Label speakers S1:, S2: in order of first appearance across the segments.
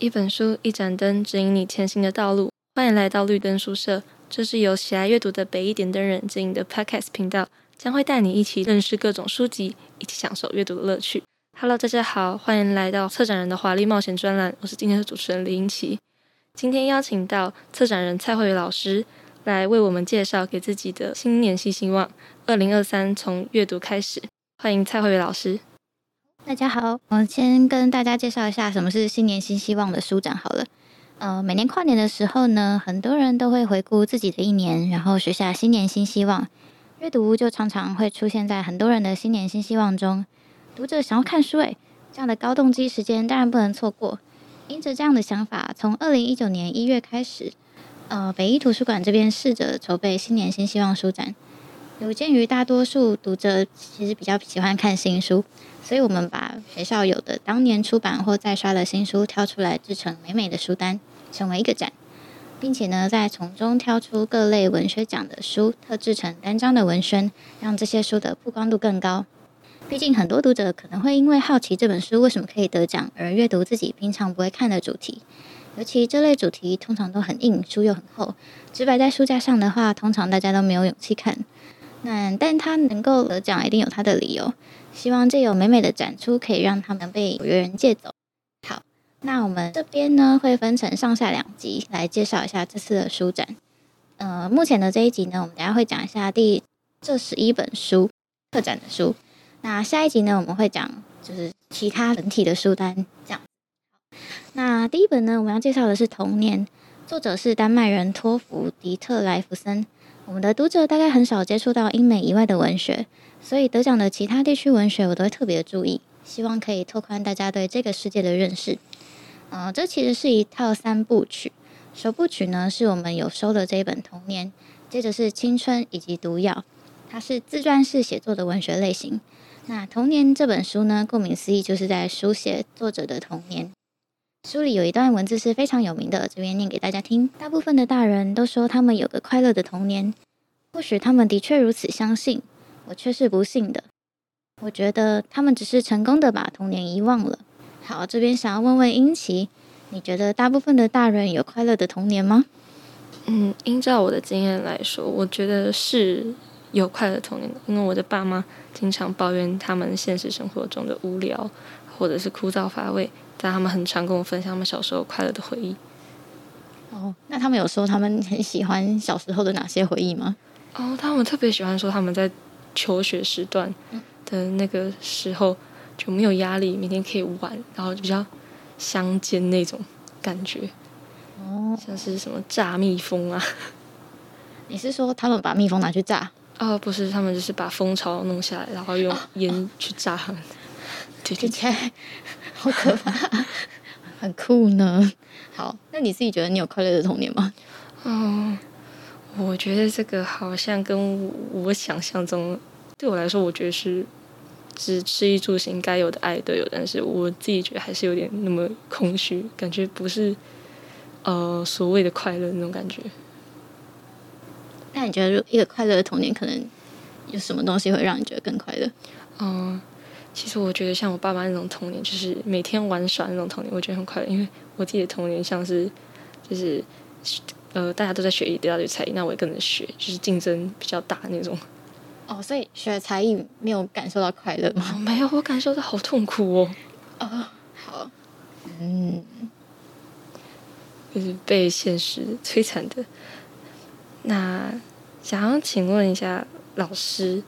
S1: 一本書，一盞燈，指引你前行的道路。歡迎來到綠燈書社，這是由喜愛閱讀的北一點燈人經營的 Podcast 頻道，將會帶你一起認識各種書籍，一起享受閱讀的樂趣。Hello，大家好，歡迎來到策展人的華麗冒險專欄，我是今天的主持人李瑛琪。今天邀請到策展人蔡蕙宇老師來為我們介紹給自己的新年新希望。二零二三，從閱讀開始。歡迎蔡蕙宇老師。
S2: 大家好，我先跟大家介紹一下什麼是新年新希望的書展好了。呃，每年跨年的時候呢，很多人都會回顧自己的一年，然後許下新年新希望。閱讀就常常會出現在很多人的新年新希望中，讀者想要看書，哎，這樣的高動機時間當然不能錯過。因着這樣的想法，從二零一九年一月開始，呃，北一圖書館這邊試着籌備新年新希望書展。有鑑於大多數讀者其實比較喜歡看新書，所以我們把學校有的當年出版或再刷的新書挑出來製成美美的書單，成為一個展，並且呢，再從中挑出各類文學獎的書，特製成單張的文宣，讓這些書的曝光度更高。畢竟很多讀者可能會因為好奇這本書為什麼可以得獎而閱讀自己平常不會看的主題，尤其這類主題通常都很硬，書又很厚，直擺在書架上的話，通常大家都沒有勇氣看。嗯，但他能夠得獎，一定有他的理由。希望這有美美的展出，可以讓他們被有緣人借走。好，那我們這邊呢，會分成上下兩集來介紹一下這次的書展。呃，目前的這一集呢，我們等下會講一下第這十一本書特展的書。那下一集呢，我們會講就是其他整體的書單。這樣，那第一本呢，我們要介紹的是《童年》，作者是丹麥人托芙迪特萊弗森。我們的讀者大概很少接觸到英美以外的文學，所以得獎的其他地區文學，我都會特別注意，希望可以拓寬大家對這個世界的認識。嗯、呃，這其實是一套三部曲，首部曲呢是我們有收的這一本《童年》，接着是《青春》以及《毒藥》，它是自傳式寫作的文學類型。那《童年》這本書呢，顧名思義就是在書寫作者的童年。書裡有一段文字是非常有名的，這邊念給大家聽。大部分的大人都說他們有個快樂的童年，或許他們的確如此相信，我卻是不信的。我覺得他們只是成功的把童年遺忘了。好，這邊
S1: 想要問問瑛琪，你覺得大部分的大人有快樂的童年嗎？嗯，依照我的經驗來說，我覺得是有快樂的童年的，因為我的爸媽經常抱怨他們現實生活中的無聊或者是枯燥乏味。但他們很常跟我分享他們小時候快樂的回憶。哦，oh, 那他們有說他們很喜歡小時候的哪些回憶嗎？哦，oh, 他們特別喜歡說他們在求學時段的那個時候就沒有壓力，每天可以玩，然後就比較鄉間那種感覺。哦，oh. 像是什麼炸蜜蜂啊？你是說他們把蜜蜂拿去炸？哦，oh, 不是，他們就是把蜂巢弄下來，然後用煙、oh. oh. 去炸他們。對對對。
S2: 好可怕，很酷呢。
S1: 好，那你自己覺得你有快樂的童年嗎？哦、嗯，我覺得這個好像跟我，我想象中，對我來說，我覺得是食衣住行該有的愛都有，但是我自己覺得還是有點那麼空虛，感覺不是呃所謂的快樂那種感覺。那你覺得一個快樂的童年可能有什麼東西會讓你覺得更快樂？哦、嗯。其實我覺得，像我爸爸那種童年，就是每天玩耍那種童年，我覺得很快樂。因為我自己的童年像是，就是，呃，大家都在學一大堆才藝，那我也跟着學，就是競爭比較大那種。哦，所以學才藝沒有感受到快樂嗎？哦？沒有，我感受到好痛苦哦。啊、呃，好，嗯，就是被現實摧殘的。那，想要請問一下老師，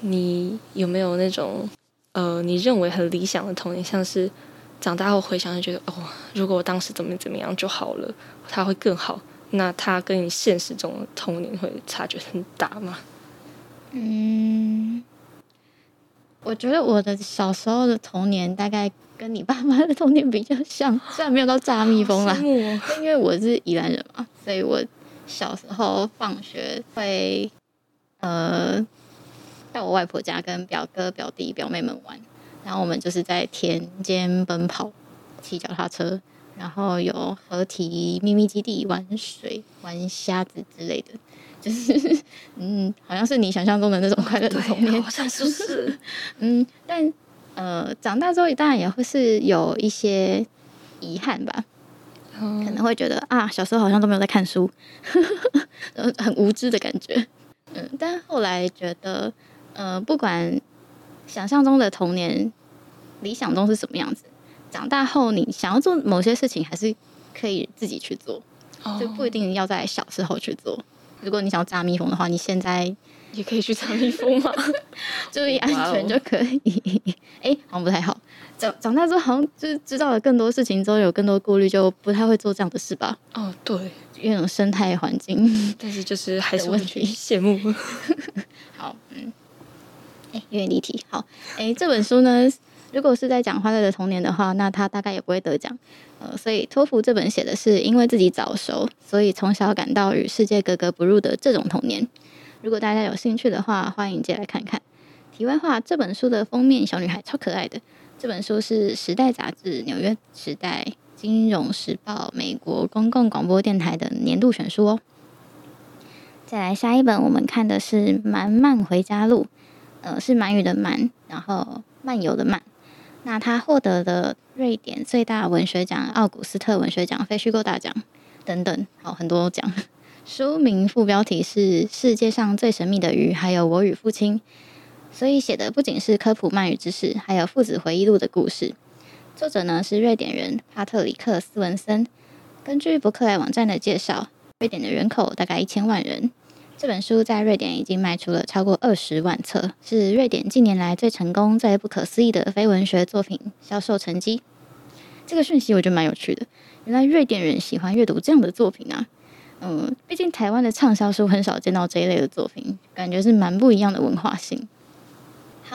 S1: 你有沒有那種？呃，你認為很理想的童年，像是長大後回想就覺得，哦，如果我當時怎麼怎麼樣就好了，他會更好。那他跟你現實中的童年會差距很大嗎？嗯，
S2: 我覺得我的小時候的童年大概跟你爸媽的童年比較像，雖然沒有到炸蜜蜂啦，我因為我是宜蘭人嘛，所以我小時候放學會，呃。在我外婆家跟表哥、表弟、表妹們玩，然後我們就是在田間奔跑，騎腳踏車，然後有河堤、秘密基地、玩水、玩蝦子之類的，就是嗯，好像是你想象中的那種快樂的童年，對，好像是，
S1: 是，
S2: 嗯，但呃，長大之後當然也會是有一些遺憾吧，
S1: 嗯，
S2: 可能會覺得啊，小時候好像都沒有在看書， 很無知的感覺，嗯，但後來覺得。呃，不管想象中的童年，理想中是什麼樣子，長大後你想要做某些事情，還是可以自己去做，oh. 就不一定要在小時候去做。如果你想要抓蜜蜂的話，你現在
S1: 也可以去抓蜜蜂嘛， 注意安全就可
S2: 以。哎、oh. 欸，好像不太好。長長大之後，好像就是知道了更多事情之後，有更多顧慮，就不太會做這樣的事吧。
S1: 哦，oh, 對，
S2: 因為有生態環境，
S1: 但是就是還是問題。羨慕。好，嗯。
S2: 有點離題，好，誒，這本書呢，如果是在講花季的童年的話，那他大概也不會得獎，呃，所以托芙這本寫的是因為自己早熟，所以從小感到與世界格格不入的這種童年。如果大家有興趣的話，歡迎借來看看。題外話，這本書的封面小女孩超可愛的，這本書是《時代》雜誌、《紐約時報》、《金融時報》、美國公共廣播電台的年度選書哦。再來下一本，我們看的是《鰻漫回家路》。呃，是鰻魚的“鰻”，然後漫遊的“漫”。那他獲得的瑞典最大文學獎——奧古斯特文學獎、非虛構大獎等等，好、哦，很多獎。書名副標題是《世界上最神秘的魚》，還有《我與父親》。所以寫的不僅是科普鰻魚知識，還有父子回憶錄的故事。作者呢是瑞典人帕特里克斯文森。根據博客來網站的介紹，瑞典的人口大概一千萬人。這本書在瑞典已經賣出了超過二十萬冊，是瑞典近年來最成功、最不可思議的非文學作品銷售成績。這個訊息我覺得蠻有趣的，原來瑞典人喜歡閱讀這樣的作品啊。嗯，畢竟台灣的暢銷書很少見到這一類的作品，感覺是蠻不一樣的文化性。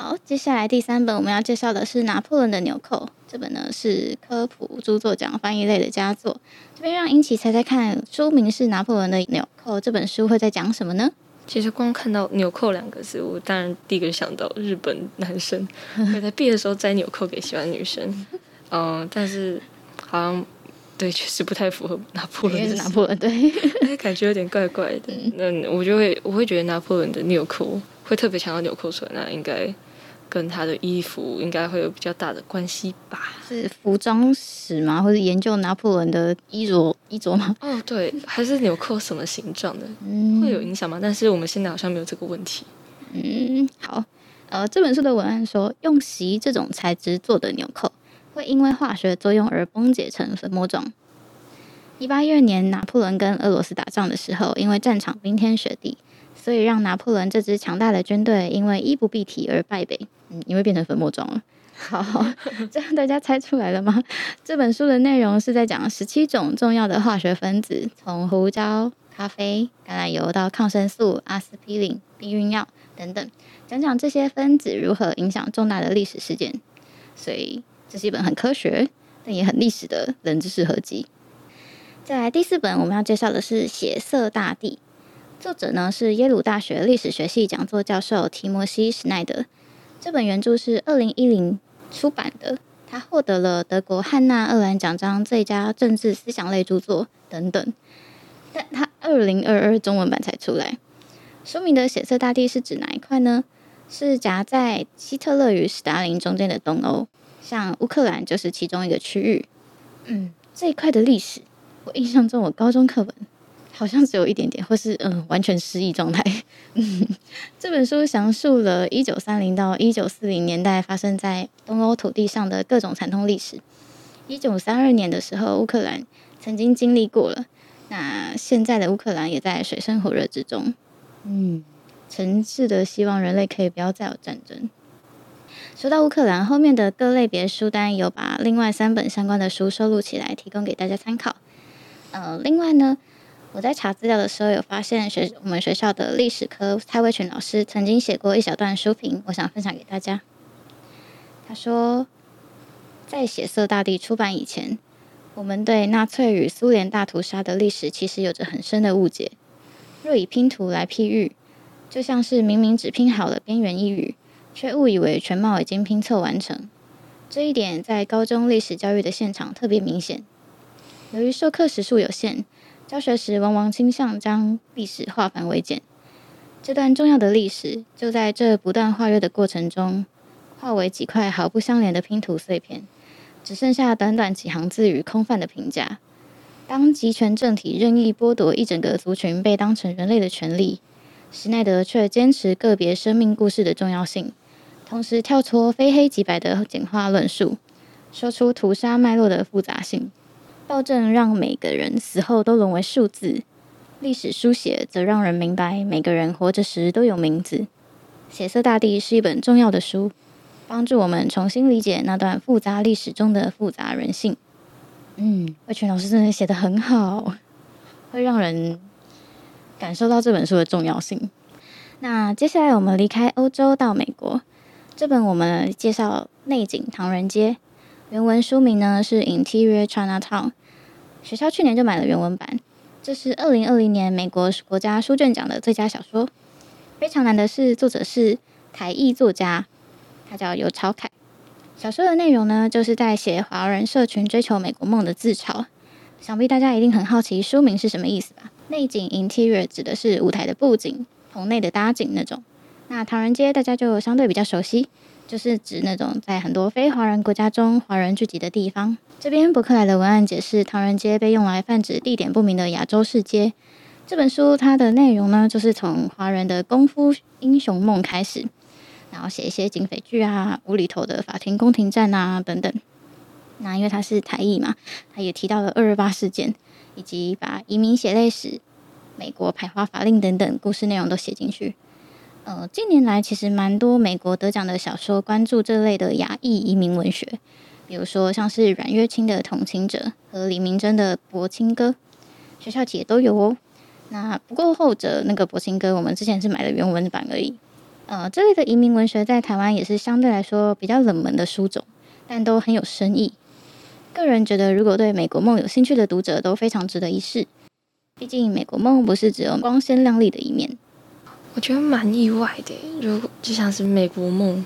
S2: 好，接下來第三本我們要介紹的是《拿破崙的紐扣》這本呢是科普著作獎翻譯類的佳作。這邊讓瑛琪猜猜，猜看，書名是《拿破崙的紐扣》，這本書會在講什麼呢？
S1: 其實光看到“紐扣”兩個字，我當然第一個想到日本男生會在畢業的時候摘紐扣給喜歡的女生。嗯、 呃，但是好像對，確實不太符合拿破崙的。因為是拿破崙對， 感覺有點怪怪的。那我就會我會覺得拿破崙的紐扣會特別強調紐扣唇那應該。跟他的衣服應該會有比較大的關係吧？是服裝史嗎？或者研究拿破崙的衣着衣着嗎？哦，對，還是紐扣什麼形狀的，嗯，會有影響嗎？但是我們現在好像沒有這個問題。嗯，好，
S2: 呃，這本書的文案說，用錫這種材質做的紐扣，會因為化學作用而崩解成粉末狀。一八一二年，拿破崙跟俄羅斯打仗的時候，因為戰場冰天雪地，所以讓拿破崙這支強大的軍隊因為衣不蔽體而敗北。嗯，因為變成粉末狀了。好，好，這樣大家猜出來了嗎？這本書的內容是在講十七種重要的化學分子，從胡椒、咖啡、橄欖油到抗生素、阿司匹林、避孕藥等等，講講這些分子如何影響重大的歷史事件。所以，這是一本很科學但也很歷史的冷知識合集。再來第四本，我們要介紹的是《血色大地》，作者呢是耶魯大學歷史學系講座教授提摩希·史奈德。這本原著是二零一零出版的，他獲得了德國漢娜·鄂蘭獎章最佳政治思想類著作等等，但他二零二二中文版才出來。書名的“血色大地”是指哪一塊呢？是夾在希特勒與史達林中間的東歐，像烏克蘭就是其中一個區域。嗯，這一塊的歷史，我印象中我高中課文。好像只有一點點，或是嗯、呃，完全失憶狀態。 這本書詳述了一九三零到一九四零年代發生在東歐土地上的各種慘痛歷史。一九三二年的時候，烏克蘭曾經經歷過了，那現在的烏克蘭也在水深火熱之中。嗯，誠摯的希望人類可以不要再有戰爭。說到烏克蘭，後面的各類別書單有把另外三本相關的書收錄起來，提供給大家參考。呃，另外呢。我在查資料的時候，有發現學我們學校的歷史科蔡蔚群老師曾經寫過一小段書評，我想分享給大家。他說，在《血色大地》出版以前，我們對納粹與蘇聯大屠殺的歷史其實有着很深的誤解。若以拼圖來譬喻，就像是明明只拼好了邊緣一隅，卻誤以為全貌已經拼湊完成。這一點在高中歷史教育的現場特別明顯。由於授課時數有限。教學時，往往傾向將歷史化繁為簡。這段重要的歷史，就在這不斷化約的過程中，化為幾塊毫不相連的拼圖碎片，只剩下短短幾行字與空泛的評價。當集權政體任意剝奪一整個族群被當成人類的權利，史奈德卻堅持個別生命故事的重要性，同時跳脫非黑即白的簡化論述，說出屠殺脈絡的複雜性。暴政讓每個人死後都淪為數字，歷史書寫則讓人明白每個人活着時都有名字。血色大地是一本重要的書，幫助我們重新理解那段複雜歷史中的複雜人性。嗯，魏群老師真的寫得很好，會讓人感受到這本書的重要性。那接下來我們離開歐洲到美國，這本我們介紹內景唐人街，原文書名呢是《Interior Chinatown》。學校去年就買了原文版，這是二零二零年美國國家書卷獎的最佳小說。非常難得的是，作者是台裔作家，他叫游朝凱。小說的內容呢，就是在寫華人社群追求美國夢的自嘲。想必大家一定很好奇書名是什麼意思吧？內景 （Interior） 指的是舞台的佈景，棚內的搭景那種。那唐人街大家就相對比較熟悉。就是指那種在很多非華人國家中，華人聚集的地方。這邊博客來的文案解釋，唐人街被用來泛指地點不明的亞洲市街。這本書它的內容呢，就是從華人的功夫英雄夢開始，然後寫一些警匪劇啊、無厘頭的法庭宮廷戰啊等等。那因為它是台裔嘛，它也提到了二二八事件，以及把移民血淚史、美國排華法令等等故事內容都寫進去。呃，近年來其實蠻多美國得獎的小說關注這類的亞裔移民文學，比如說像是阮越清的《同情者》和李珉貞的《柏青哥》，學校其實也都有哦。那不過後者那個《柏青哥》，我們之前是買的原文版而已。呃，這類的移民文學在台灣也是相對來說比較冷門的書種，但都很有深意。個人覺得，如果對美國夢有興趣的讀者都非常值得一試，畢竟美國夢不是只
S1: 有光鮮亮麗的一面。我覺得蠻意外的，如果就像是美國夢，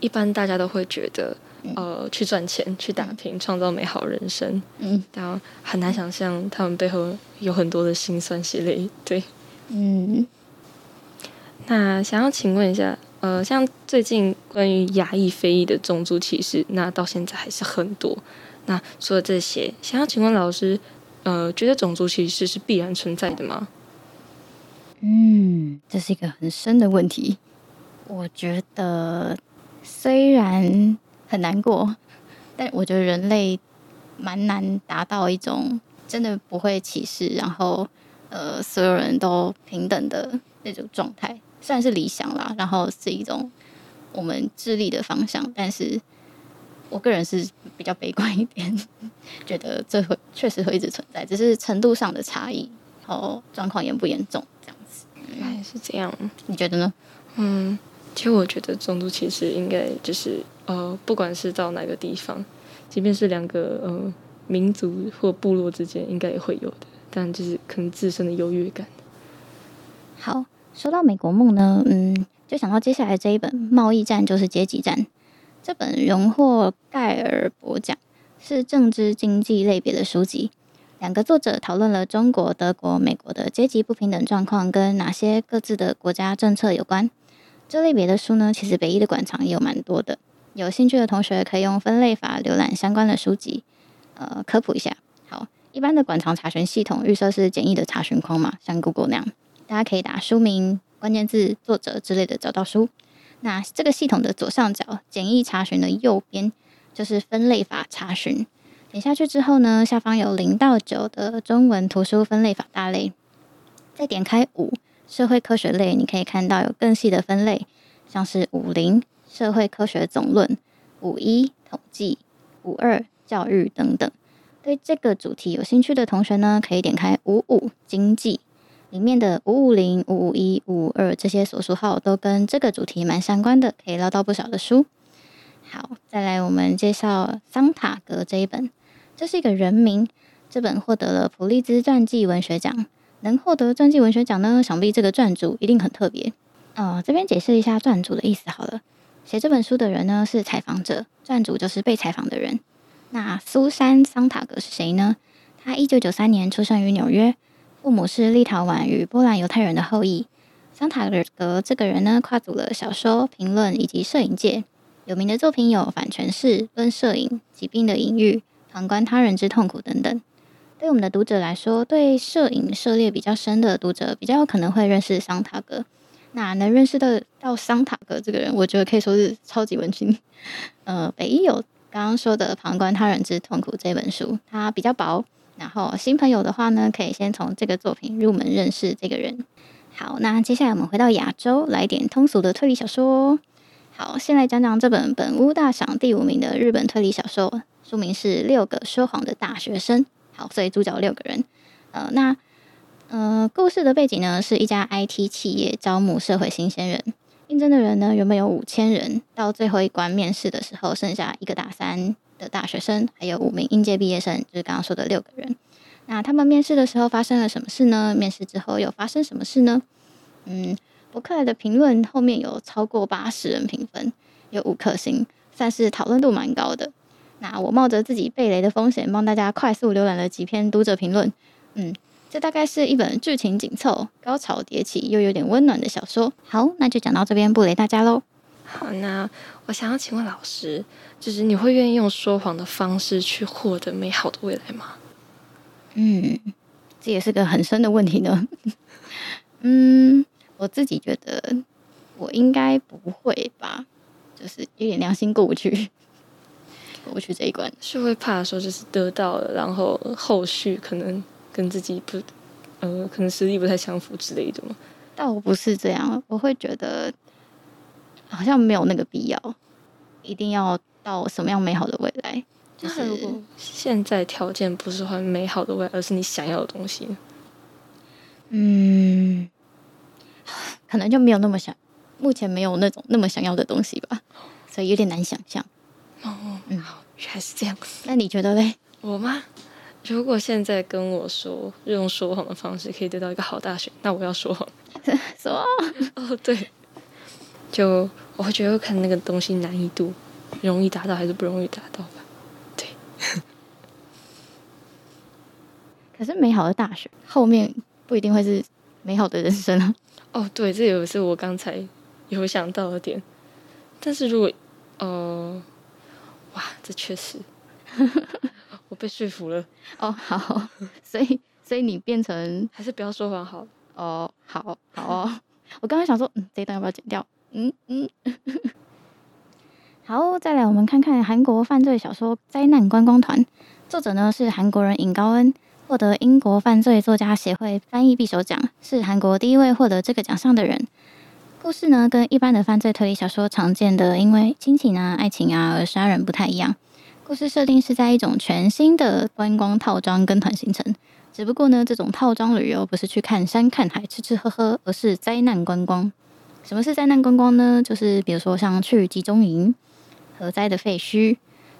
S1: 一般大家都會覺得，呃，去賺錢、去打拼、創造美好人生，嗯，但很難想象他們背後有很多的辛酸血淚，對，嗯。那想要請問一下，呃，像最近關於亞裔、非裔的種族歧視，那到現在還是很多。那除了這些，想要請問老師，呃，覺得種族歧視是必然存在的嗎？
S2: 嗯，這是一個很深的問題。我覺得雖然很難過，但我覺得人類蠻難達到一種真的不會歧視，然後呃所有人都平等的那種狀態，雖然是理想啦。然後是一種我們致力的方向，但是我個人是比較悲觀一點，覺得這會確實會一直存在，只是程度上的差異，然後狀況嚴不嚴
S1: 重這樣。原來是這樣，你覺得呢？嗯，其實我覺得種族，其實應該就是呃，不管是到哪個地方，即便是兩個呃民族或部落之間，應該也會有的，但就是可能自身的優越感。
S2: 好，說到美國夢呢，嗯，就想到接下來這一本《貿易戰就是階級戰》，這本榮獲蓋爾伯獎，是政治經濟類別的書籍。兩個作者討論了中國、德國、美國的階級不平等狀況跟哪些各自的國家政策有關。這類別的書呢，其實北一的館藏也有蠻多的。有興趣的同學可以用分類法瀏覽相關的書籍，呃，科普一下。好，一般的館藏查詢系統預設是簡易的查詢框嘛，像 Google 那樣，大家可以打書名、關鍵字、作者之類的找到書。那這個系統的左上角簡易查詢的右邊就是分類法查詢。點下去之後呢，下方有零到九的中文圖書分類法大類，再點開五社會科學類，你可以看到有更細的分類，像是五零社會科學總論、五一統計、五二教育等等。對這個主題有興趣的同學呢，可以點開五五經濟裡面的五五零、五五一、五五二這些索書號，都跟這個主題蠻相關的，可以撈到不少的書。好，再來我們介紹桑塔格這一本。這是一個人名，這本獲得了普利茲傳記文學獎。能獲得傳記文學獎呢，想必這個傳主一定很特別。呃，這邊解釋一下傳主的意思好了。寫這本書的人呢是採訪者，傳主就是被採訪的人。那蘇珊·桑塔格是誰呢？他一九九三年出生於紐約，父母是立陶宛與波蘭猶太人的後裔。桑塔格這個人呢，跨足了小說、評論以及攝影界，有名的作品有《反詮釋》、《論攝影》、《疾病的隱喻》。旁觀他人之痛苦等等，對我們的讀者來說，對攝影涉獵比較深的讀者比較有可能會認識桑塔格。那能認識的到桑塔格這個人，我覺得可以說是超級文青。呃，北一有剛剛說的《旁觀他人之痛苦》這本書，它比較薄。然後新朋友的話呢，可以先從這個作品入門認識這個人。好，那接下來我們回到亞洲，來點通俗的推理小說哦。好，先來講講這本本屋大賞第五名的日本推理小說。書名是《六個說謊的大學生》，好，所以主角六個人，呃，那呃，故事的背景呢是一家 IT 企業招募社會新鮮人，應徵的人呢原本有五千人，到最後一關面試的時候，剩下一個大三的大學生，還有五名應屆畢業生，就是剛剛說的六個人。那他們面試的時候發生了什麼事呢？面試之後又發生什麼事呢？嗯，博客來的評論後面有超過八十人評分，有五顆星，算是討論度蠻高的。那我冒着自己被雷的風險，幫大家快速瀏覽了幾篇讀者評論。嗯，這大概是一本劇情緊湊、高潮迭起又有點溫暖的小說。好，那就講到這邊不雷大家嘍。
S1: 好，那我想要請問老師，就是你會願意用說謊的方式去獲得美好的未來嗎？嗯，
S2: 這也是個很深的問題呢。 嗯，我自己覺得我應該不會吧，
S1: 就是有點良心過不去。不去這一關是會怕說就是得到了，然後後續可能跟自己不呃，可能實力不太相符之類的嗎？但我不是這樣，我會覺得好像沒有那個必要，一定要到什麼樣美好的未來。就是如果現在條件不是很美好的未來，而是你想要的東西。嗯，
S2: 可能就沒有那麼想，目前沒有那種那麼想要的東西吧，所以有點難想象。
S1: 哦，嗯，好，原來是這樣。那你覺得嘞？我嗎？如果現在跟我說用說謊的方式可以得到一個好大學，那我要說謊。 說哦，哦，對，就我會覺得看那個東西難易度，容易達到還是不容易達到吧？對。 可是美好的大學後面不一定會是美
S2: 好的人生啊。
S1: 哦，對，這也是我剛才有想到的點。但是如果哦。呃哇，這確實，我被說服了。 哦，好，所以，所以你變成 還是不要說謊好。哦，好
S2: 好，哦， 我剛剛想說，嗯，這一段要不要剪掉？嗯嗯。 好，再來，我們看看韓國犯罪小說《災難觀光團》，作者呢是韓國人尹高恩，獲得英國犯罪作家協會翻譯匕首獎，是韓國第一位獲得這個獎項的人。故事呢，跟一般的犯罪推理小說常見的因為親情啊、愛情啊而殺人不太一樣。故事設定是在一種全新的觀光套裝跟團行程，只不過呢，這種套裝旅遊不是去看山看海吃吃喝喝，而是災難觀光。什麼是災難觀光呢？就是比如說像去集中營、核災的廢墟，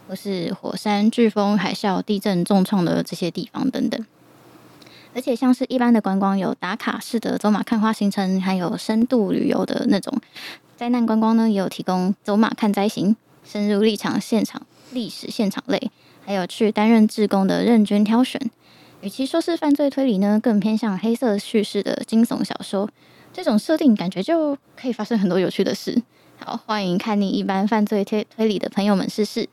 S2: 或是火山、颶風、海嘯、地震重創的這些地方等等。而且像是一般的觀光，有打卡式的走馬看花行程，還有深度旅遊的那種災難觀光呢，也有提供走馬看災行、深入立場現場、歷史現場類，還有去擔任志工的任君挑選。與其說是犯罪推理呢，更偏向黑色敘事的驚悚小說，這種設定感覺就可以發生很多有趣的事。好，歡迎看你一
S1: 般犯罪推推理的朋友們試試。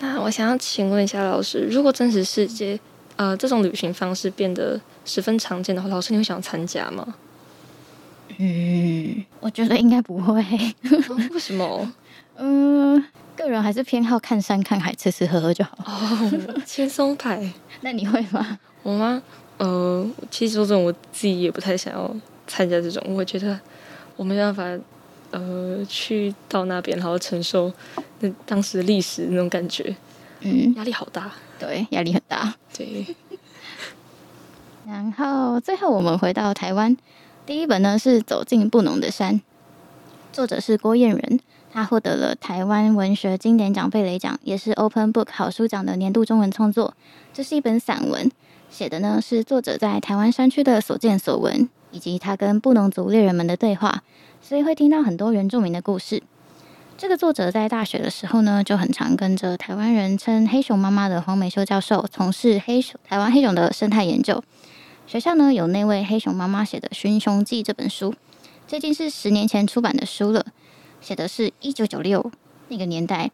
S1: 那我想要請問一下老師，如果真實世界，呃，這種旅行方式變得十分常見的話，老師你會想參加嗎？嗯，
S2: 我覺得應該不會、 哦。為什麼？嗯、呃，個人還是偏好看山看海，吃吃喝喝就好。 哦，
S1: 輕鬆派。那你會嗎？我嗎？呃，其實說這種我自己也不太想要參加這種。我覺得我沒辦法，呃，去到那邊，然後承受那當時的歷史的那種感覺。嗯，壓力好大，對，壓力很大，對。 然後最後我們回到台
S2: 灣，第一本呢是《走進布農的山》，作者是郭彥仁，他獲得了台灣文學經典獎貝雷獎，也是 Open Book 好書獎的年度中文創作。這是一本散文，寫的呢是作者在台灣山區的所見所聞，以及他跟布農族獵人們的對話，所以會聽到很多原住民的故事。這個作者在大學的時候呢，就很常跟着台灣人稱“黑熊媽媽”的黃美秀教授從事黑熊、台灣黑熊的生態研究。學校呢有那位“黑熊媽媽”寫的《尋熊記》這本書，最近是十年前出版的書了，寫的是一九九六那個年代，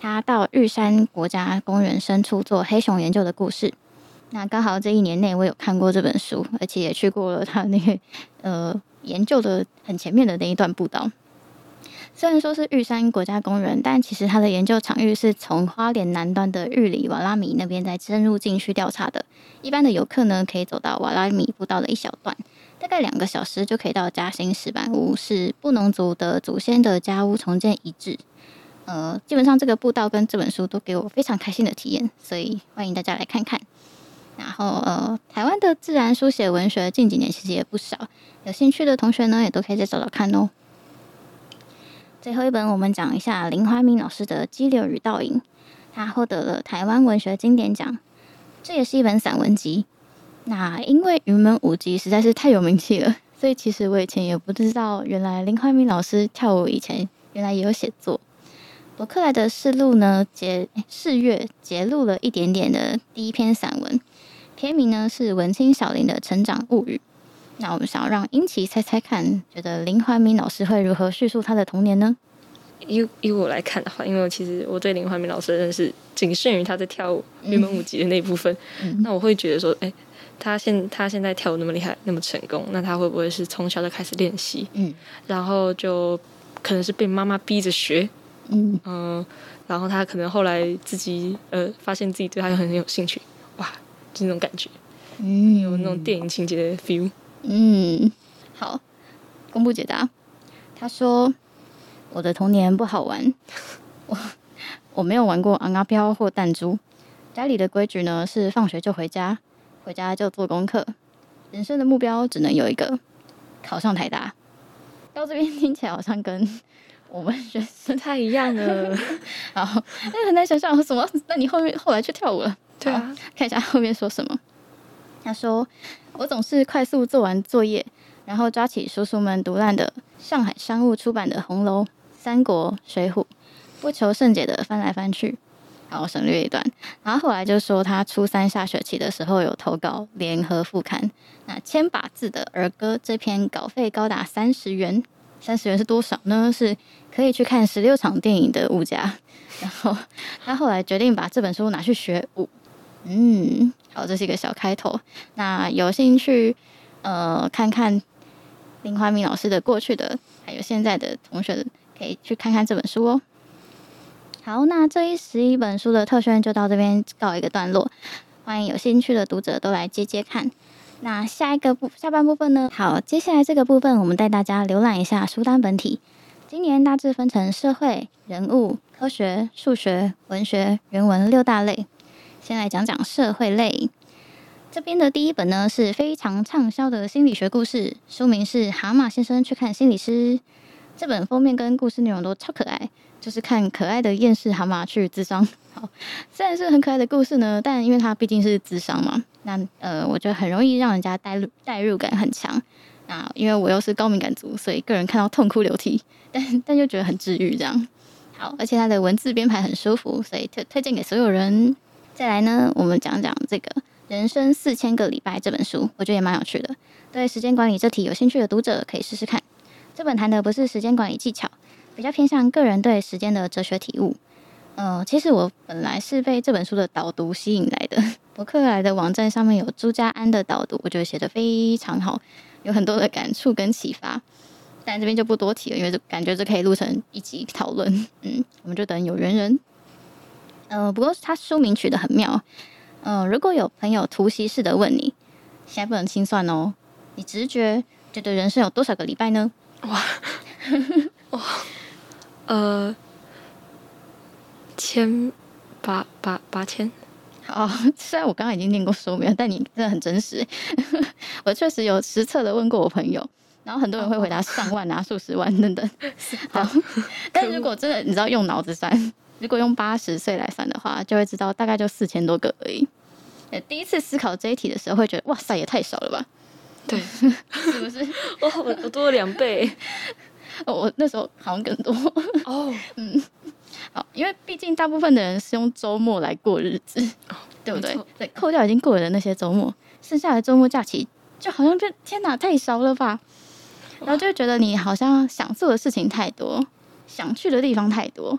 S2: 他到玉山國家公園深處做黑熊研究的故事。那剛好這一年內我有看過這本書，而且也去過了他那個呃研究的很前面的那一段步道。雖然說是玉山國家公園，但其實他的研究場域是從花蓮南端的玉里瓦拉米那邊再深入進去調查的。一般的遊客呢，可以走到瓦拉米步道的一小段，大概兩個小時就可以到嘉興石板屋，是布農族的祖先的家屋重建遺址。呃，基本上這個步道跟這本書都給我非常開心的體驗，所以歡迎大家來看看。然後呃，台灣的自然書寫文學近幾年其實也不少，有興趣的同學呢，也都可以再找找看哦。最後一本，我們講一下林懷民老師的《激流與倒影》，他獲得了台灣文學經典獎，這也是一本散文集。那因為《雲門舞集》實在是太有名氣了，所以其實我以前也不知道，原來林懷民老師跳舞以前原來也有寫作。博客來的試閱呢，節，試閱節錄了一點點的第一篇散文，篇名呢是《文青小林的成長物語》。那我們想要讓瑛琪猜猜看，覺得林懷民老師會如何敘述他的童年呢？
S1: 由以，以我來看的話，因為其實我對林懷民老師的認識僅限於他在跳舞原本舞集跳雲門舞集的那一部分。嗯、那我會覺得說，哎、欸，他現他現在跳舞那麼厲害，那麼成功，那他會不會是從小就開始練習？嗯，然後就可能是被媽媽逼着學。嗯、呃、然後他可能後來自己呃，發現自己對他就很有興趣，哇，就那種感覺，嗯，有那種電影情節的 feel。嗯，
S2: 好，公佈解答。他說：“我的童年不好玩， 我我沒有玩過昂阿飄或彈珠。家裡的規矩呢是放學就回家，回家就做功課。人生的目標只能有一個，考上台大。到這邊聽起來好像跟我們學生不太一樣了。 好，那很難想象什麼？那你後面後來去跳舞了？對啊，看一下後面說什麼。”他說：“我總是快速做完作業，然後抓起叔叔們讀爛的上海商務出版的《紅樓》《三國》《水滸》，不求甚解的翻來翻去。然後省略一段。然後後來就說，他初三下學期的時候有投稿《聯合副刊》，那千把字的兒歌這篇稿費高達三十元。三十元是多少呢？是可以去看十六場電影的物價。然後他後來決定把這本書拿去學舞。”嗯，好，這是一個小開頭。那有興趣呃看看林懷民老師的過去的，還有現在的同學的可以去看看這本書哦。好，那這一十一本書的特宣就到這邊告一個段落。歡迎有興趣的讀者都來接接看。那下一個部，下半部分呢，好，接下來這個部分，我們帶大家瀏覽一下書單本體。今年大致分成社會、人物、科學、數學、文學、人文六大類。先來講講社會類，這邊的第一本呢是非常暢銷的心理學故事，書名是《蛤蟆先生去看心理師》。這本封面跟故事內容都超可愛，就是看可愛的厭世蛤蟆去諮商。好，雖然是很可愛的故事呢，但因為它畢竟是諮商嘛，那呃，我覺得很容易讓人家帶入，帶入感很強。那因為我又是高敏感族，所以個人看到痛哭流涕，但但又覺得很治癒這樣。好，而且它的文字編排很舒服，所以推推薦給所有人。再來呢，我們講講這個《人生四千個禮拜》這本書，我覺得也蠻有趣的。對時間管理這題有興趣的讀者可以試試看。這本談的不是時間管理技巧，比較偏向個人對時間的哲學體悟。嗯、呃，其實我本來是被這本書的導讀吸引來的。博客來的網站上面有朱家安的導讀，我覺得寫得非常好，有很多的感觸跟啟發。但這邊就不多提了，因為感覺這可以錄成一集討論。嗯，我們就等有緣人。嗯、呃，不過他書名取得很妙。嗯、呃，如果有朋友突襲式的問你，現在不能心算哦，你直覺覺得人生有多少個禮拜呢？哇哇，呃，千八八八千啊、哦！雖然我剛剛已經念過書名，但你真的很真實。 我確實有實測的問過我朋友，然後很多人會回答上萬啊、啊數十萬等等。好，好可惡 但如果真的你知道用腦子算。如果用八十歲來算的話，就會知道大概就四千多個而已。第一次思考這一題的時候，會覺得哇塞，也太少了吧？
S1: 對， 是不是？我、哦、我多了兩倍 、
S2: 哦。我那時候好像更多哦。Oh. 嗯，好，因為畢竟大部分的人是用週末來過日子，oh, 對不對？沒錯。對，扣掉已經過了的那些週末，剩下的週末假期就好像變天哪，太少了吧？然後就會覺得你好像想做的事情太多，oh. 想去的地方太多。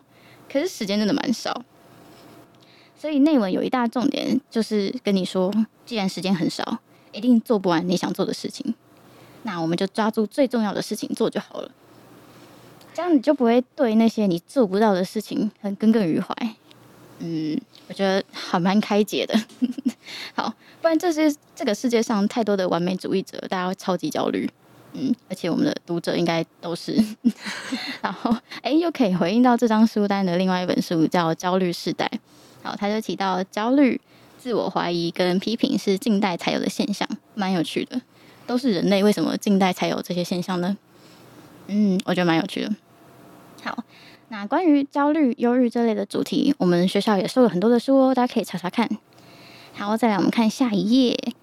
S2: 可是時間真的蠻少，所以內文有一大重點就是跟你說，既然時間很少，一定做不完你想做的事情，那我們就抓住最重要的事情做就好了，這樣你就不會對那些你做不到的事情很耿耿於懷。嗯，我覺得還蠻開解的。 好，不然這是這個世界上太多的完美主義者，大家會超級焦慮。嗯，而且我們的讀者應該都是，然後哎，又可以回應到這張書單的另外一本書叫《焦慮世代》。好，他就提到焦慮、自我懷疑跟批評是近代才有的現象，蠻有趣的。都是人類為什麼近代才有這些現象呢？嗯，我覺得蠻有趣的。好，那關於焦慮、憂鬱這類的主題，我們學校也收了很多的書哦，大家可以查查看。好，再來我們看下一頁。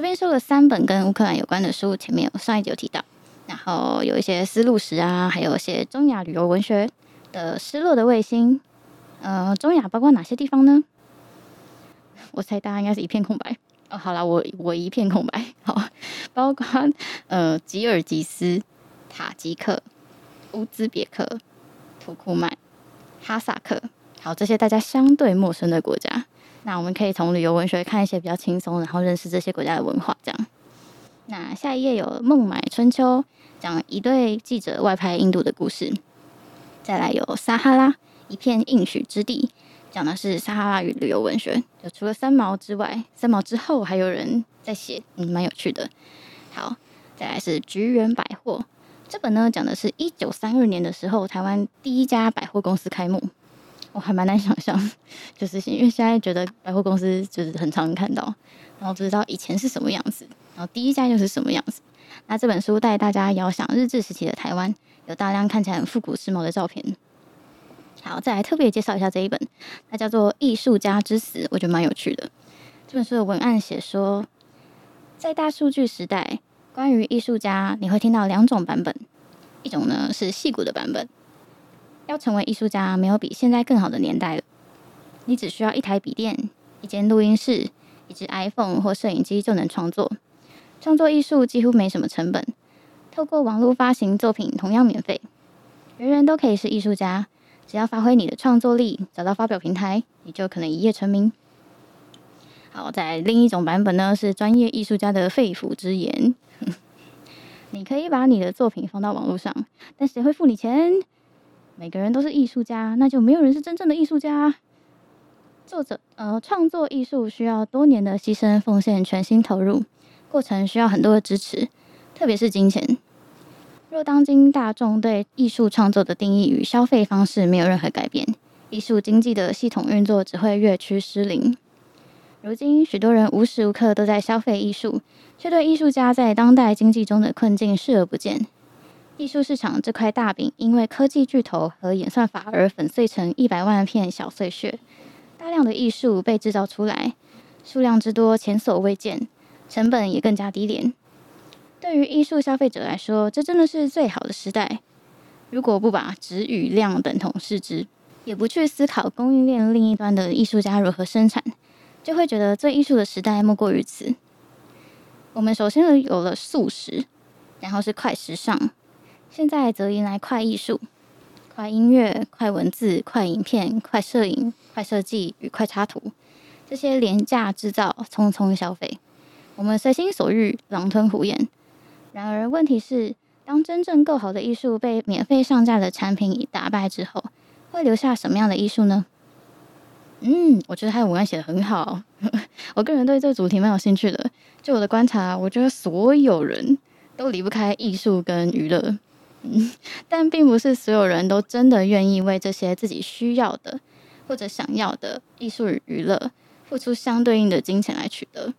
S2: 這邊說了三本跟烏克蘭有關的書，前面我上一集有提到，然後有一些絲路史啊，還有一些中亞旅遊文學的失落的衛星。呃，中亞包括哪些地方呢？我猜大家應該是一片空白。哦，好了，我我一片空白。好，包括呃吉爾吉斯、塔吉克、烏茲別克、土庫曼、哈薩克，好，這些大家相對陌生的國家。那我們可以從旅遊文學看一些比較輕鬆，然後認識這些國家的文化。這樣，那下一頁有《孟買春秋》，講一對記者外拍印度的故事。再來有《撒哈拉》，一片應許之地，講的是撒哈拉與旅遊文學。就除了三毛之外，三毛之後還有人在寫，嗯，蠻有趣的。好，再來是菊《菊元百貨》這本呢，講的是一九三二年的時候，台灣第一家百貨公司開幕。我還蠻難想象，就是因為現在覺得百貨公司就是很常看到，然後不知道以前是什麼樣子，然後第一家又是什麼樣子。那這本書帶大家遙想日治時期的台灣，有大量看起來很復古時髦的照片。好，再來特別介紹一下這一本，它叫做《藝術家之死》，我覺得蠻有趣的。這本書的文案寫說，在大數據時代，關於藝術家，你會聽到兩種版本，一種呢是戲骨的版本。要成為藝術家，沒有比現在更好的年代了。你只需要一台筆電、一間錄音室、一支 iPhone 或攝影機就能創作。創作藝術幾乎沒什麼成本，透過網絡發行作品同樣免費。人人都可以是藝術家，只要發揮你的創作力，找到發表平台，你就可能一夜成名。好，再另一種版本呢，是專業藝術家的肺腑之言： 你可以把你的作品放到網絡上，但誰會付你錢？每個人都是藝術家，那就沒有人是真正的藝術家啊。作者，呃，創作藝術需要多年的犧牲奉獻、全心投入，過程需要很多的支持，特別是金錢。若當今大眾對藝術創作的定義與消費方式沒有任何改變，藝術經濟的系統運作只會越趨失靈。如今，許多人無時無刻都在消費藝術，卻對藝術家在當代經濟中的困境視而不見。藝術市場這塊大餅因為科技巨頭和演算法而粉碎成一百萬片小碎屑，大量的藝術被制造出來，數量之多前所未見，成本也更加低廉。對於藝術消費者來說，這真的是最好的時代。如果不把質與量等同視之，也不去思考供應鏈另一端的藝術家如何生產，就會覺得最藝術的時代莫過於此。我們首先有了素食，然後是快時尚。現在則迎來快藝術、快音樂、快文字、快影片、快攝影、快設計與快插圖，這些廉價制造、匆匆消費，我們隨心所欲、狼吞虎嚥。然而，問題是，當真正夠好的藝術被免費上架的產品已打敗之後，會留下什麼樣的藝術呢？嗯，我覺得他的文案寫得很好。 我個人對這個主題蠻有興趣的。就我的觀察，我覺得所有人都離不開藝術跟娛樂。 但並不是所有人都真的願意為這些自己需要的或者想要的藝術與娛樂付出相對應的金錢來取得，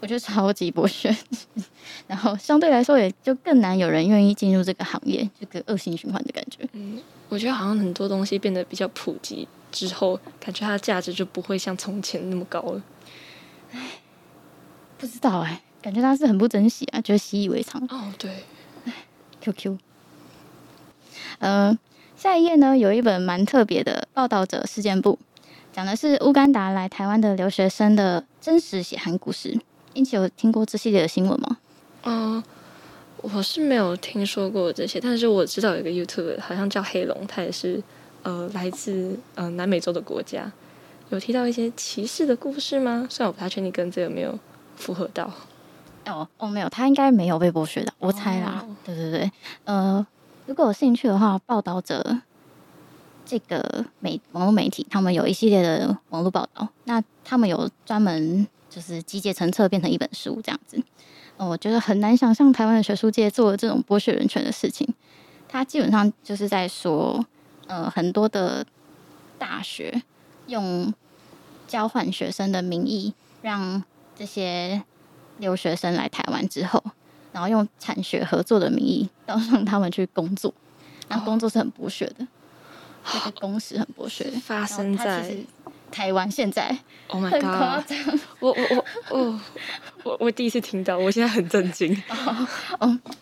S2: 我覺得超級剝削。 然後相對來說，也就更難有人願意進入這個行業，這個惡性循環的感
S1: 覺。嗯，我覺得好像很多東西變得比較普及之後，感覺它的價值就不會像從前那麼高了。哎，
S2: 不知道哎、欸，感覺他是很不珍惜啊，覺得習以為常。哦，oh, 對，哎，Q Q。嗯、呃，下一頁呢，有一本蠻特別的《報導者事件簿》，講的是烏干達來台灣的留學生的真實血汗故事。瑛琪有聽過這系列的新聞嗎？嗯、呃，
S1: 我是沒有聽說過這些，但是我知道有一個 YouTube 好像叫黑龍，他也是呃來自呃南美洲的國家。有提到一些歧視的故事嗎？雖然我不太確定跟這個有沒有符合到。
S2: 哦哦，沒有，他應該沒有被剝削的，我猜啦。哦、對對對，呃。如果有興趣的話，報道者這個媒網絡媒體，他們有一系列的網絡報道，那他們有專門就是集結成冊，變成一本書這樣子。我覺得很難想象台灣的學術界做這種剝削人權的事情。他基本上就是在說，呃，很多的大學用交換學生的名義，讓這些留學生來台灣之後。然後用產學合作的名義，到讓他們去工作，oh. 然後工作是很剝削的，那、oh. 個工時很剝削，發生在台灣現在。
S1: Oh my god！我我我我我第一次聽到，我現在很震驚。哦，oh. oh. oh.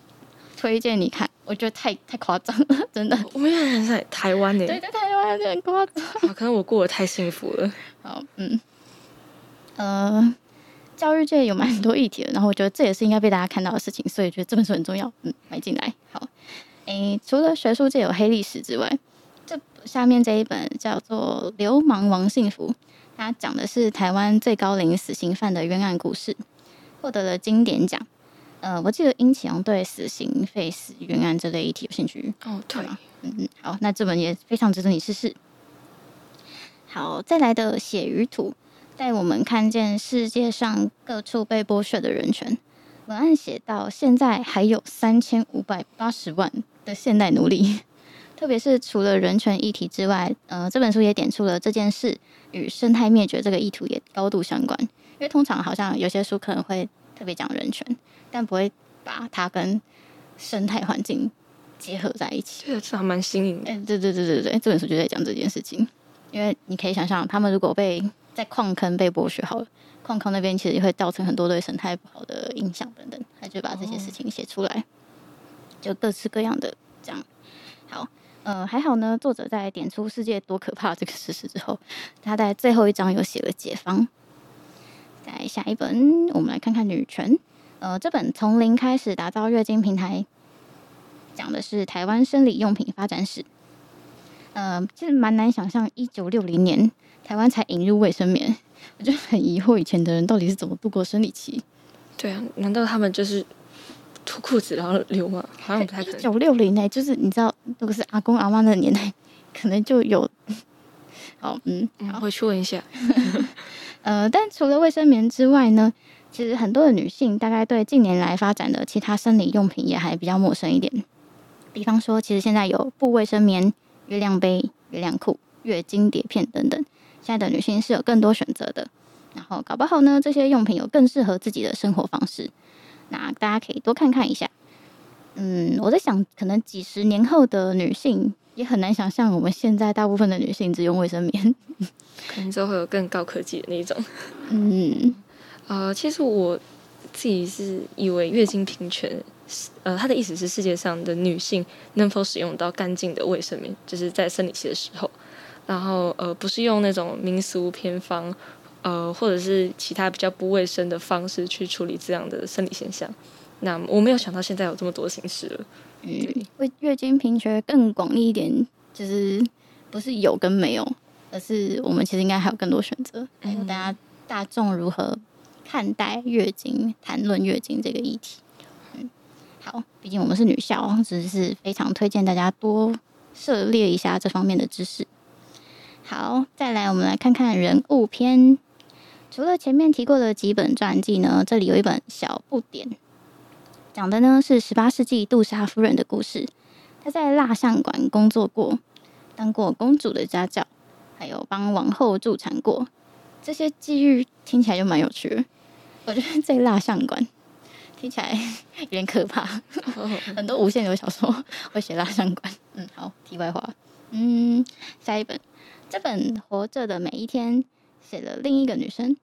S1: 推薦你看，我覺得太太誇張了，真的。我也在台灣耶，對，在
S2: 台灣很誇張。
S1: 可能我過得太幸福了。好，嗯，
S2: 呃教育界有蠻多議題的，然後我覺得這也是應該被大家看到的事情，所以覺得這本書很重要，嗯，買進來。好，欸、除了學術界有黑歷史之外，這下面這一本叫做《流氓王信福》，它講的是台灣最高齡死刑犯的冤案故事，獲得了金典獎。呃，我記得瑛琪對死刑、廢死、冤案這類議題有興趣，哦，對，對，嗯，好，那這本也非常值得你試試。好，再來的與《血與土帶我們看見世界上各處被剝削的人權。文案寫到，現在還有三千五百八十萬的現代奴隸。特別是除了人權議題之外，呃，這本書也點出了這件事與生態滅絕這個議題也高度相關。因為通常好像有些書可能會特別講人權，但不會把它跟生態環境結合在一起。這個還蠻新穎的。哎、欸，對對對對對，這本書就在講這件事情。因為你可以想象，他們如果被在礦坑被剝削好了，礦坑那邊其實也會造成很多對生態不好的影響等等，他就把這些事情寫出來，哦、就各式各樣的講。好，呃，還好呢。作者在點出世界多可怕這個事實之後，他在最後一章有寫了解放。再下一本，我們來看看女權。呃，這本從零開始打造月經平權，講的是台灣生理用品發展史。呃，其實蠻難想象，一九六零年。台灣才引入衛生棉，我就很疑惑，以前的人到底是怎麼度過生理期？
S1: 對啊，難道他們就是脫褲子然後流嗎？好像不太可能。九六
S2: 零欸，就是你知道那個是阿公阿媽那個年代，可能就有
S1: 哦 嗯，我會去問一下。
S2: 呃，但除了衛生棉之外呢，其實很多的女性大概對近年來發展的其他生理用品也還比較陌生一點。比方說，其實現在有布衛生棉、月亮杯、月亮褲、月經碟片等等。現在的女性是有更多選擇的，然後搞不好呢，這些用品有更適合自己的生活方式。那大家可以多看看一下。嗯，我在想，可能幾十年後的女性也很難想象，我們現在大部分的女性只用衛生棉，
S1: 可能就會有更高科技的那種。嗯，呃，其實我自己是以為月經平權，呃，它的意思是世界上的女性能否使用到乾淨的衛生棉，就是在生理期的時候。然後，呃，不是用那種民俗偏方，呃，或者是其他比較不衛生的方式去處理這樣的生理現象。那我沒有想到現在有這麼多形式了。
S2: 嗯，為月經平權更廣義一點，就是不是有跟沒有，而是我們其實應該還有更多選擇。還有大家大眾如何看待月經、談論月經這個議題？嗯，好，畢竟我們是女校，只是非常推薦大家多涉獵一下這方面的知識。好，再來我們來看看人物篇。除了前面提過的幾本傳記呢，這裡有一本《小不點》，講的呢是十八世紀杜莎夫人的故事。她在蠟像館工作過，當過公主的家教，還有幫王后助產過。這些際遇聽起來就蠻有趣的。我覺得在蠟像館聽起來有點可怕。很多無限流小說會寫蠟像館。嗯，好，題外話。嗯，下一本。這本《活着的每一天》寫了另一個女生，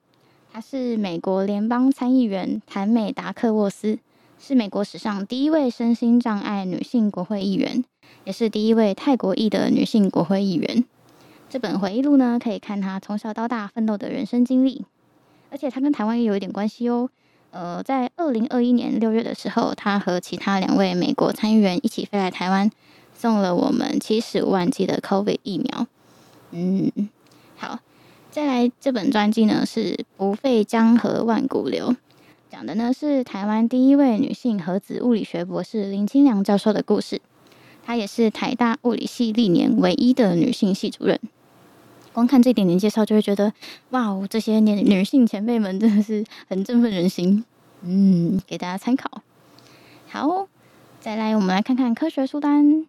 S2: 她是美國聯邦參議員譚美達克沃斯，是美國史上第一位身心障礙女性國會議員，也是第一位泰國裔的女性國會議員。這本回憶錄呢，可以看她從小到大奮鬥的人生經歷，而且她跟台灣也有一點關係哦。呃，在二零二一年六月的時候，她和其他兩位美國參議員一起飛來台灣，送了我們七十五萬劑的 COVID 疫苗。嗯，好，再來這本專輯呢是《不廢江河萬古流》，講的呢是台灣第一位女性核子物理學博士林清涼教授的故事。她也是台大物理系歷年唯一的女性系主任。光看這一點點介紹，就會覺得哇哦，這些年女性前輩們真的是很振奮人心。嗯，給大家參考。好，再來我們來看看科學書單。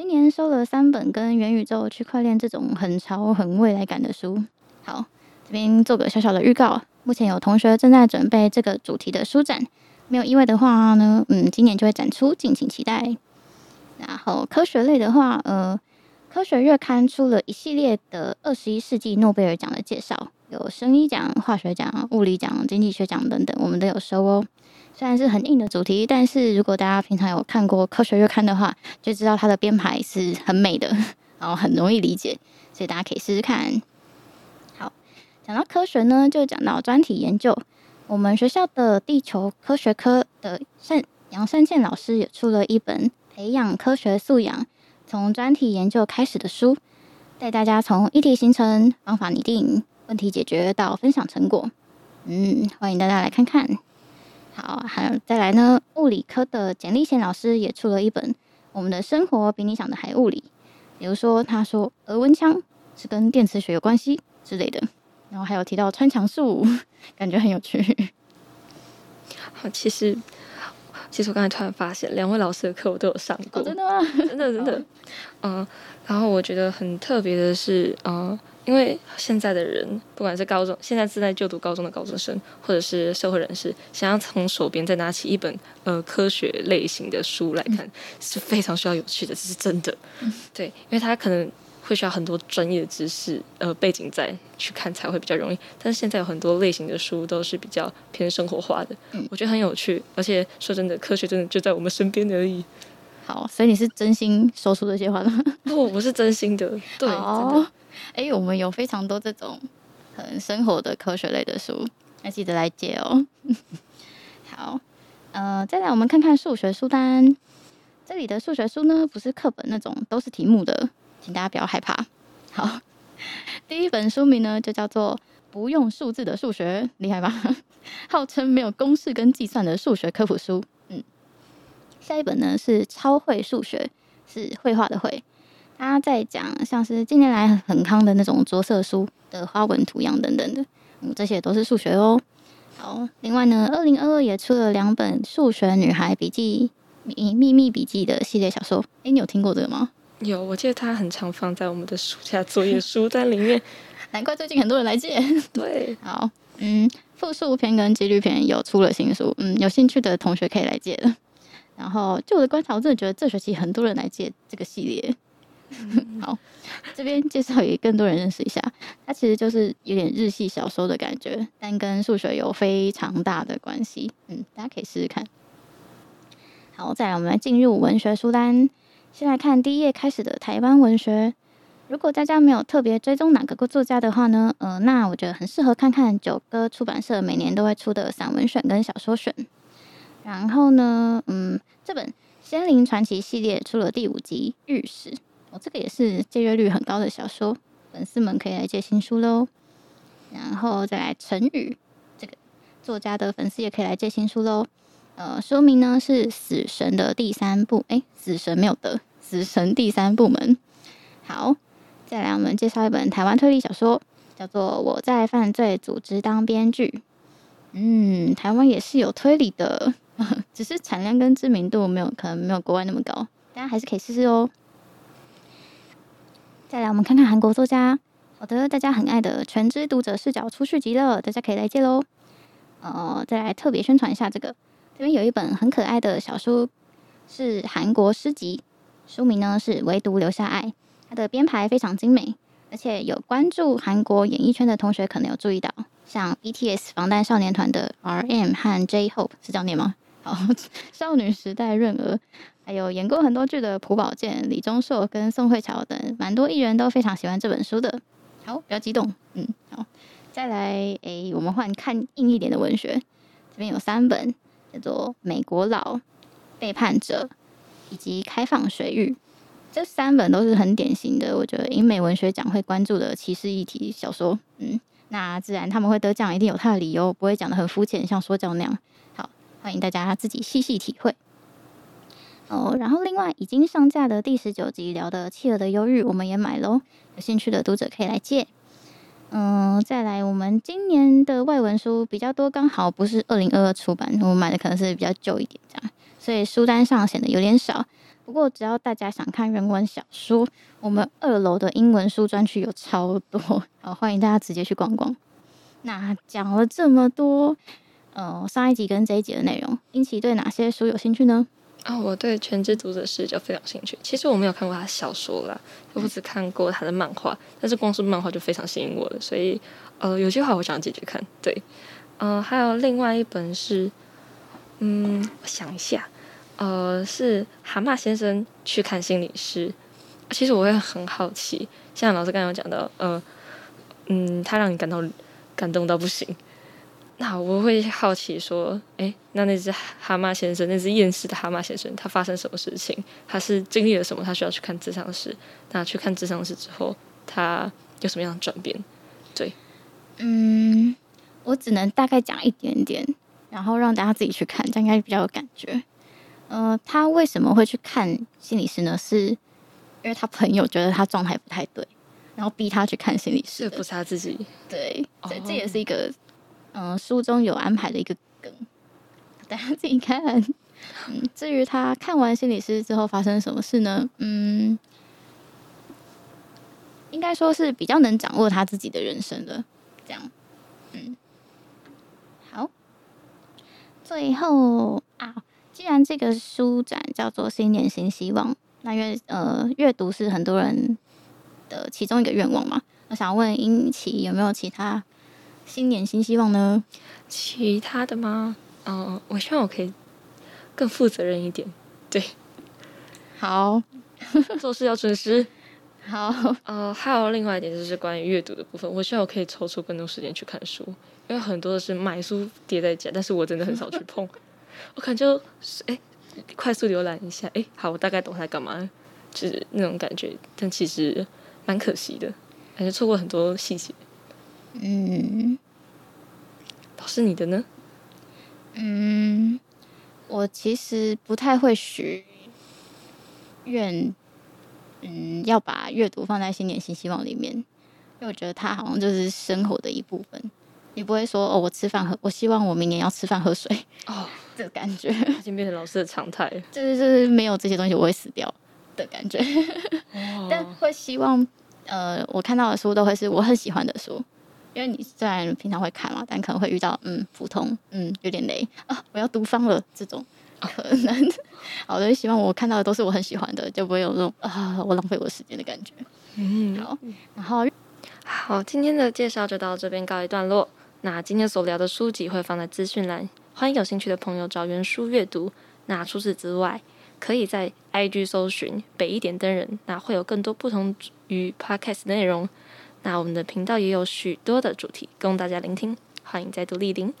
S2: 今年收了三本跟元宇宙、區塊鏈這種很潮、很未來感的書。好，這邊做個小小的預告，目前有同學正在準備這個主題的書展，沒有意外的話呢，嗯，今年就會展出，敬請期待。然後科學類的話，呃，科學月刊出了一系列的二十一世紀諾貝爾獎的介紹，有生醫獎、化學獎、物理獎、經濟學獎等等，我們都有收哦。雖然是很硬的主題，但是如果大家平常有看過《科學月刊》的話，就知道它的編排是很美的，然後很容易理解，所以大家可以試試看。好，講到科學呢，就講到專題研究。我們學校的地球科學科的楊善茜老師也出了一本《培養科學素養，從專題研究開始》的書，帶大家從議題形成、方法擬定、問題解決到分享成果。嗯，歡迎大家來看看。好，還有再來呢。物理科的簡麗賢老師也出了一本《我們的生活比你想的還物理》，比如說他說，額溫槍是跟電磁學有關係之類的，然後還有提到穿牆術，
S1: 感覺很有趣。好，其實，其實我剛才突然發現，兩位老師的課我都有上過，哦、真的嗎？ 真的真的。 嗯，然後我覺得很特別的是，嗯。因為現在的人，不管是高中，現在正在就讀高中的高中生，或者是社會人士，想要從手邊再拿起一本呃科學類型的書來看，嗯、是非常需要有趣的，這是真的。嗯、對，因為他可能會需要很多專業的知識呃背景再去看才會比較容易。但是現在有很多類型的書都是比較偏生活化的，嗯、我覺得很有趣。而且說真的，科學真的就在我們身邊而已。
S2: 好，所以你是真心說出這些話的嗎？不、哦，我是真心的。對。誒、欸，我們有非常多這種很生活的科學類的書，要記得來借哦。 好，呃，再來我們看看數學書單。這裡的數學書呢，不是課本那種，都是題目的，請大家不要害怕。好，第一本書名呢就叫做《不用數字的數學》，厲害吧？ 號稱沒有公式跟計算的數學科普書。嗯，下一本呢是《超繪數學》，是繪畫的繪。他在講像是近年來很夯的那種着色書的花紋圖樣等等的，嗯，這些都是數學哦。
S1: 好，
S2: 另外呢，二零二二也出了兩本《數學女孩筆記》《祕密筆記》的系列小說。誒、欸，你有聽過這個嗎？
S1: 有，我記得他很常放在我們的暑假作業書單裡面。 難怪最近很多人來借。對，好，嗯，
S2: 複數篇跟機率篇有出了新書，嗯，有興趣的同學可以來借的。然後，就我的觀察，我真的覺得這學期很多人來借這個系列。 好，這邊介紹給更多人認識一下，它其實就是有點日系小說的感覺，但跟數學有非常大的關係。嗯，大家可以試試看。好，再來我們來進入文學書單，先來看第一頁開始的台灣文學。如果大家沒有特別追蹤哪個作家的話呢，呃，那我覺得很適合看看九歌出版社每年都會出的散文選跟小說選。然後呢，嗯，這本《仙靈傳奇》系列出了第五集《玉使》。哦，這個也是借閱率很高的小說，粉絲們可以來借新書嘍。然後再來晨羽這個作家的粉絲也可以來借新書嘍。呃，書名呢是《死神》的第三部，誒，死《死神》沒有的，《死神》第三部門。好，再來我們介紹一本台灣推理小說，叫做《我在犯罪組織當編劇》。嗯，台灣也是有推理的，只是產量跟知名度沒有可能沒有國外那麼高，大家還是可以試試哦。再來，我們看看韓國作家，好的，大家很愛的《全知讀者視角》出續集了，大家可以來借嘍。呃，再來特別宣傳一下這個，這邊有一本很可愛的小書，是韓國詩集，書名呢是《唯獨留下愛》，它的編排非常精美，而且有關注韓國演藝圈的同學可能有注意到，像 BTS 防彈少年團的 RM 和 J Hope 是這樣念嗎？少女時代、潤娥，還有演過很多劇的朴寶劍、李鍾碩跟宋慧喬等，蠻多藝人都非常喜歡這本書的。好，不要激動，嗯，好，再來，哎，我們換看硬一點的文學，這邊有三本，叫做《美國佬》《背叛者》以及《開放水域》，這三本都是很典型的，我覺得英美文學獎會關注的歧視議題小說。嗯，那自然他們會得獎，一定有他的理由，不會講得很膚淺，像說教那樣。歡迎大家自己細細體會哦。然後，另外已經上架的第十九集聊的企鵝的憂鬱，我們也買嘍。有興趣的讀者可以來借。嗯，再來，我們今年的外文書比較多，剛好不是二零二二出版，我買的可能是比較舊一點，這樣，所以書單上顯得有點少。不過，只要大家想看人文小說，我們二樓的英文書專區有超多。哦，歡迎大家直接去逛逛。那講了這麼多。呃，上一集跟這一集的內容，瑛琪對哪些書有興趣呢？啊、哦，我
S1: 對《全知讀者視角》非常興趣。其實我沒有看過他的小說啦，嗯、我只看過他的漫畫。但是光是漫畫就非常吸引我了。所以，呃，有些話我想要繼續看。對，呃，還有另外一本是，嗯，我想一下，呃，是蛤蟆先生去看心理師。其實我也很好奇，像老師剛才有講到，呃，嗯，他讓你感到感動到不行。那我會好奇說，哎，那那只蛤蟆先生，那只厭世的蛤蟆先生，他發生什麼事情？他是經歷了什麼？他需要去看諮商師？那去看諮商師之後，他有什麼樣的轉變？對，嗯，我只能大
S2: 概講一點點，然後讓大家自己去看，這樣應該比較有感覺。呃，他為什麼會去看心理師呢？是因為他朋友覺得他狀態不太對，然後逼他去看心理師。這不是他自己？
S1: 對，這、oh. 這也是一個。嗯、呃，書
S2: 中有安排的一個梗，大家自己看。嗯，至於他看完心理師之後發生什麼事呢？嗯，應該說是比較能掌握他自己的人生的。這樣，嗯，好。最後啊，既然這個書展叫做新年新希望，那閱呃閱讀是很多人的其中一個願望嘛。我想問瑛琪有沒有其他？新年新希望呢？
S1: 其他的嗎？嗯、呃，我希望我可以更負責任一點。對，好， 做事要準時。好，呃，還有另外一點就是關於閱讀的部分，我希望我可以抽出更多時間去看書，因為很多的是買書疊在家，但是我真的很少去碰。 我可能就誒，欸、快速瀏覽一下，誒、欸，好，我大概懂他在幹嘛，就是那種感覺，但其實蠻可惜的，感覺錯過很多細節。嗯，老師，你的呢？嗯，我其實不太會許
S2: 願，嗯，要把閱讀放在新年新希望裡面，
S1: 因為我覺得它好像
S2: 就是生活的一部分。你不會說哦，我吃飯喝，我希望我明年要吃飯喝水
S1: 的哦，這感覺已經變成老師的常態。就是就
S2: 是沒有這些東西，我會死掉的感覺。哦，
S1: 但會希望，呃，
S2: 我看到的書都會是我很喜歡的書。因為你雖然平常會看嘛，但可能會遇到，嗯、普通、嗯、有點雷啊我要讀方了、這種可能，好的希望我看到的都是我很喜歡的，就不會有那種啊我浪費我時間的感覺。嗯
S1: 好，嗯，然後好，今天的介紹就到這邊告一段落。那今天所聊的書籍會放在資訊欄，歡迎有興趣的朋友找原書閱讀。那除此之外，可以在 IG 搜尋北一點燈人，那會有更多不同於 Podcast 內容。那我們的頻道也有許多的主題供大家聆聽，歡迎再度蒞臨。